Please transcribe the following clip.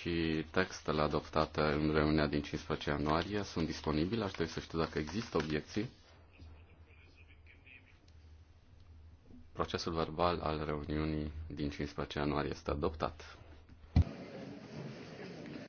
și textele adoptate în reuniunea din 15 ianuarie sunt disponibile. Aș trebui să știu dacă există obiecții. Procesul verbal al reuniunii din 15 ianuarie este adoptat.